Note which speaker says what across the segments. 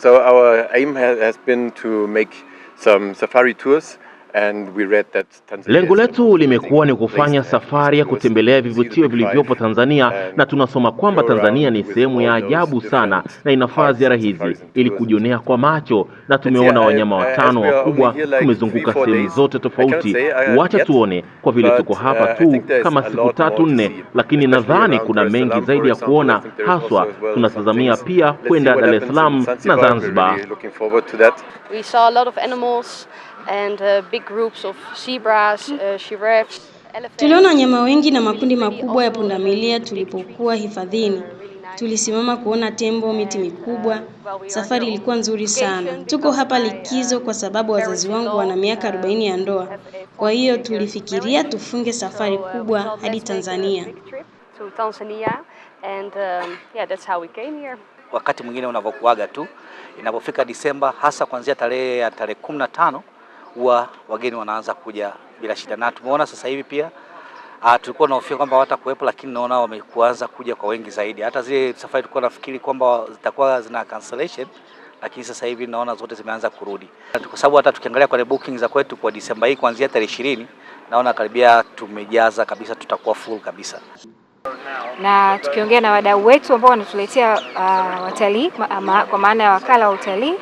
Speaker 1: So our aim has been to make some safari tours
Speaker 2: Lengo letu limekuwa ni kufanya safari ya kutembelea vivutio vilivyopo Tanzania na tunasoma kwamba Tanzania ni sehemu ya ajabu sana na inafaa ziara hizi ili kujionea kwa macho, na tumeona wanyama watano wakubwa. Tumezunguka sehemu zote tofauti, uh, wacha tuone, kwa vile tuko uh, hapa tu kama siku tatu nne, lakini nadhani kuna mengi zaidi ya kuona, haswa tunatazamia pia kwenda Dar es Salaam na Zanzibar
Speaker 3: and uh, big groups of zebras, uh, giraffes.
Speaker 4: Tuliona wanyama wengi na makundi makubwa ya pundamilia tulipokuwa hifadhini. Tulisimama kuona tembo, miti mikubwa. Safari ilikuwa nzuri sana. Tuko hapa likizo kwa sababu wazazi wangu wana miaka 40 ya ndoa, kwa hiyo tulifikiria tufunge safari kubwa hadi Tanzania.
Speaker 5: Um, Wakati mwingine unavyokuaga tu inapofika Disemba, hasa kuanzia tarehe ya tarehe 15 huwa wageni wanaanza kuja bila shida, na tumeona sasa hivi pia Uh, tulikuwa nahofia kwamba watakuwepo lakini naona wamekuanza kuja kwa wengi zaidi. Hata zile safari tulikuwa nafikiri kwamba zitakuwa zina cancellation, lakini sasa hivi naona zote zimeanza kurudi, kwa sababu hata tukiangalia kwenye booking za kwetu kwa Disemba hii kuanzia tarehe ishirini naona karibia tumejaza kabisa, tutakuwa full kabisa.
Speaker 6: Na tukiongea na wadau wetu ambao wanatuletea uh, watalii ma, ma, kwa maana ya wakala wa utalii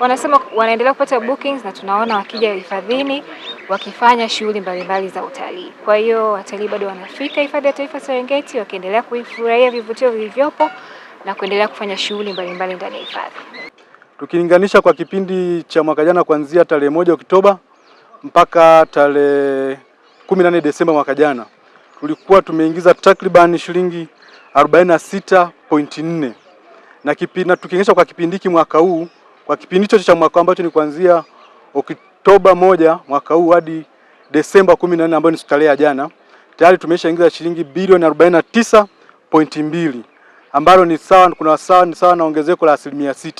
Speaker 6: wanasema wanaendelea kupata bookings na tunaona wakija hifadhini wakifanya shughuli mbalimbali za utalii. Kwa hiyo watalii bado wanafika hifadhi ya taifa Serengeti wakiendelea kuifurahia vivutio vilivyopo na kuendelea kufanya shughuli mbalimbali ndani ya hifadhi.
Speaker 7: Tukilinganisha kwa kipindi cha mwaka jana kuanzia tarehe moja Oktoba mpaka tarehe 14 Desemba mwaka jana tulikuwa tumeingiza takriban shilingi 46.4 na, na tukilinganisha kwa kipindi hiki mwaka huu kwa kipindi hicho cha mwaka ambacho ni kuanzia Oktoba moja mwaka huu hadi Desemba 14 ambayo ni tarehe ya jana, tayari tumeshaingiza shilingi bilioni 49.2 ambalo ni sawa kuna sawa ni sawa na ongezeko la asilimia sita.